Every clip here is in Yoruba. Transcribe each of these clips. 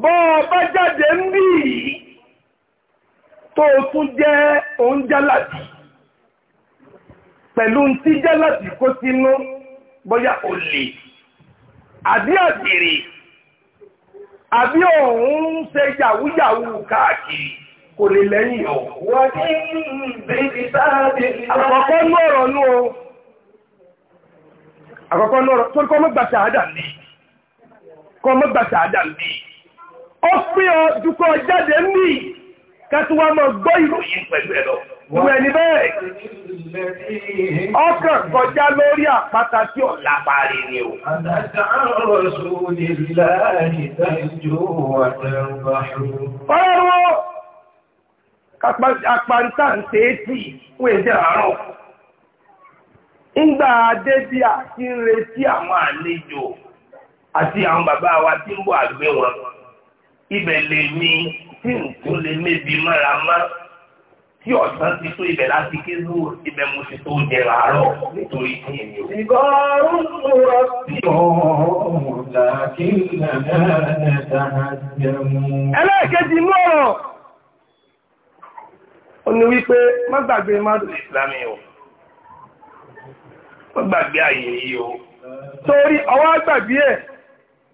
bọ́ bá jáde ń tó tún jẹ́ òun jálàdì pẹ̀lú tí jálàdì kó sínú bóyá olè àbí àbìrì àbí òun ń ṣe yàwúyàwú káàkiri kò lè lẹ́yìn ọ̀. àkọ́kọ́ o àkọ́kọ́ lọ́rọ̀ tó kọ́ mọ́ ó pín ọ dúkọ́ jáde ní kẹtùwà mọ̀ gbọ́ ìròyìn pẹ̀lú kọjá lórí Ọrụ ọrụ ọrụ ń ṣe é tí àárọ̀. adé bí a ti ń àwọn àlejò àti àwọn bàbá wa tí ń bọ̀ ibẹ̀ lè ní tí nǹkan lè mébi mọ́ra mọ́ tí ọ̀sán ti tó ibẹ̀ láti ké lóò ibẹ̀ mo ti tó jẹ àárọ̀ nítorí tí èmi ò. ìgbọ́rún lọ́rọ̀ sí ọ̀hún làkí nàdá jẹun. ẹlẹ́ẹ̀kejì mú ọ̀rọ̀ ó ní wípé má gbàgbé mádùn ìsìlámì o má gbàgbé àyè yìí o torí ọwọ́ gbàgbé ẹ̀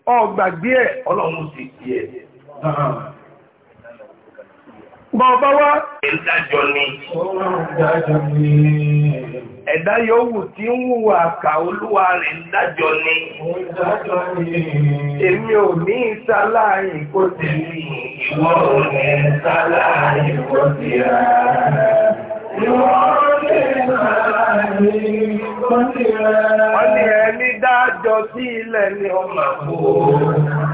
ọ gbàgbé ẹ̀ ọlọ́run sì tiẹ̀. Bàbá wá ẹ̀dájọ́ ni. Ẹ̀dá yòówù tí ń wùwà àkà olúwa rẹ̀ ń dájọ́ ni. Èmi ò ní ìsá láàrin kó ti rí ìwọ ò ní ìsá láàrin kó ti rà. Ìwọ ò ní ìsá láàrin kó ti rà. Wọ́n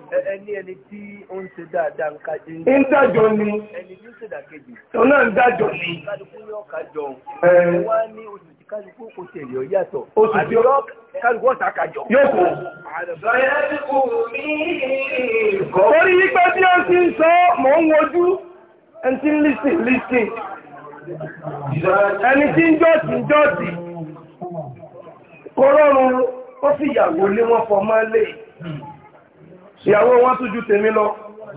ẹni ẹni tí ó ń ṣe dáadáa ń ká jẹ́ ń dájọ́ ni ẹni tí ó ṣe dàkejì tó náà ń dájọ́ ni kálukú ní ọ̀ka jọ wá ní oṣù tí kálukú kò tẹ̀lé ọ yàtọ̀ oṣù tí ó kálukú ọ̀tá ká jọ. yóò kó. torí wípé bí ó ti ń sọ mò ń wojú ẹni tí ń lísìn lísìn ẹni tí ń jọ́sìn jọ́sìn kó rọrùn ó sì yàgò lé wọn fọ máa lé yìí ìyàwó wọn tún ju tèmi lọ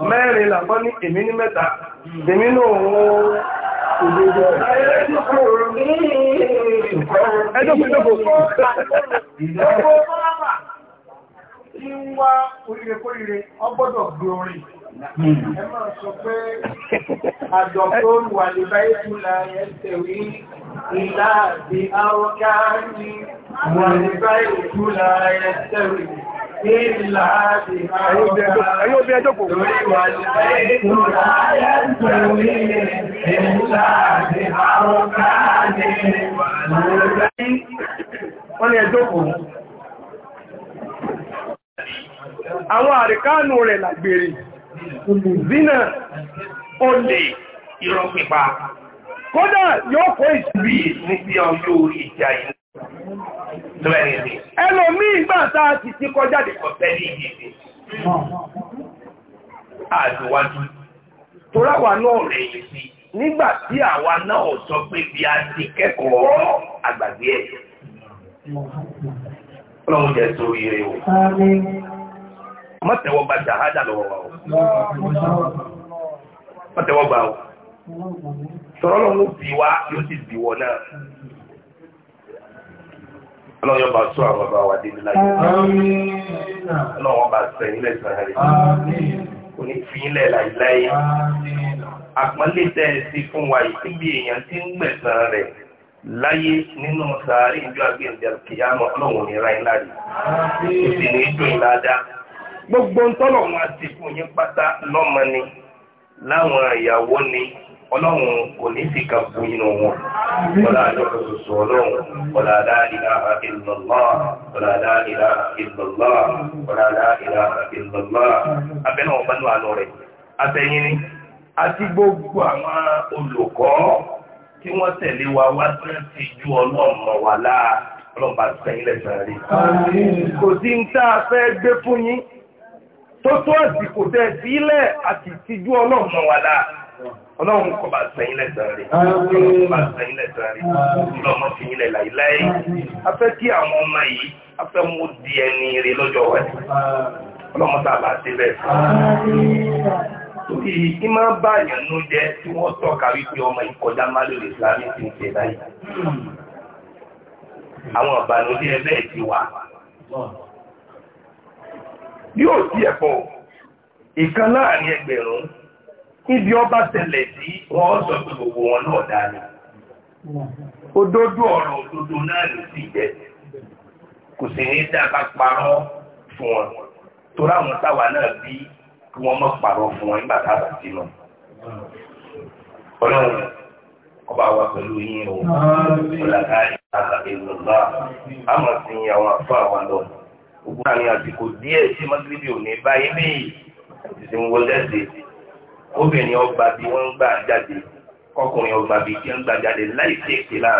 mẹ́rin làbọ́ ní èmi ní mẹ́ta tèmi náà wọ́n òjòjò ẹjọ́kùnjọ́kù Tí wá orírekóríre ọgbọ́dọ̀ gbé orin, ẹ máa sọ pé àjọ tó wà lè báyé tún la ẹ̀ẹ́sẹ̀ rí ìlà àti àwọn káàkiri wà lè báyé tún la ẹ̀ẹ́sẹ̀ rí. Ẹ̀yọ́ ẹjọ́ Àwọn àríkánù rẹ̀ làgbèrè, Zina, olè, ìrọ̀pípa. Kódà yóò kó ìsìnbí ní bí ọjọ́ orí ìjà ìlú. ẹlòmí ìgbà táà ti ti kọjáde kọ̀tẹ́ ní ìgbìyànjú àjòwájú náà pé bí a ti ọlọ́run jẹ́ sórí rẹ̀ o mọ́tẹ̀wọ́ gba jàhádà lọ́wọ́ wa o mọ́tẹ̀wọ́ gba o sọ̀rọ̀ bí yóò bí ọlọ́run bá tún àwọn bá wà débi láyé ọlọ́run bá sẹ́yìn lẹ́sàn án kò ní fi ilẹ̀ láìláyé àpọ́nlé tẹ́ ẹ sí fún wa yìí èèyàn ń gbẹ̀sán rẹ̀ láyé nínú ìjọ ọlọ́run ní kò sì ní dùn dáadáa gbogbo ń tọ́lọ̀ wọn àti fún yín pátá lọ́mọ ọlọ́run kò ní sí kan fún inú wọn wọ́n àjọkọ̀ soso ọlọ́run wọ́n aláìlá ìlọ́lá wọ́n aláìlá ìlọ́lá wọ́n aláìlá ìlọ́lá abẹ́nà ọ̀bánú àná rẹ̀ àtẹ̀yìn ni àti gbogbo àwọn olùkọ́ tí wọ́n tẹ̀lé wa wá tí wọ́n ti ju ọlọ́run wà láà ọlọ́run bá sẹ́yìn lẹ́sàn-án rí kò sí ń tá a fẹ́ gbé fún yín tó tó àsìkò tẹ̀ sílẹ̀ àti ìtìjú ọlọ́run wà láà ọlọ́run kò bá sẹ́yìn lẹ́sàn-án rẹ̀ ọlọ́run kò bá sẹ́yìn lẹ́sàn-án rẹ̀ ọlọ́run fi yín lẹ̀ láìláì a fẹ́ kí àwọn ọmọ yìí a fẹ́ mú di ẹni rẹ̀ lọ́jọ́ wẹ̀ ọlọ́run tá a bá ṣe bẹ́ẹ̀ fún torí kí máa bá àyàn ló jẹ́ tí wọ́n tọ́ka wípé ọmọ ìkọjá máa lè islamic ti ń ṣe láyé hmm. àwọn ìbànújẹ́ ẹgbẹ́ ti wà bí sí ẹ̀pọ̀ ìkan láàrin ẹgbẹ̀rún níbi ọba tẹ̀lẹ̀ sí wọ́n sọ pé gbogbo wọn náà dáni òdodo ọ̀rọ̀ òdodo náà ló sì jẹ́ kò sì ní dábà parọ́ fún wọn torí àwọn táwa náà bí kí wọ́n mọ̀ parọ́ fún wọn nígbà táwa sí lọ. ọlọ́run ọba wa pẹ̀lú yín o ọ̀làkárí àgbàdo ìlúgbà àmọ̀ sí àwọn àfọ àwọn lọ ògbóná ni àsìkò díẹ̀ sí mọ́gíríbì ò ní báyìí bí ìsinmi wọlé ẹ̀sìn. obìnrin ọgbà bí wọ́n ń gbà jáde kọkùnrin ọgbà bí tí ń gbà jáde láì sí ìpìlá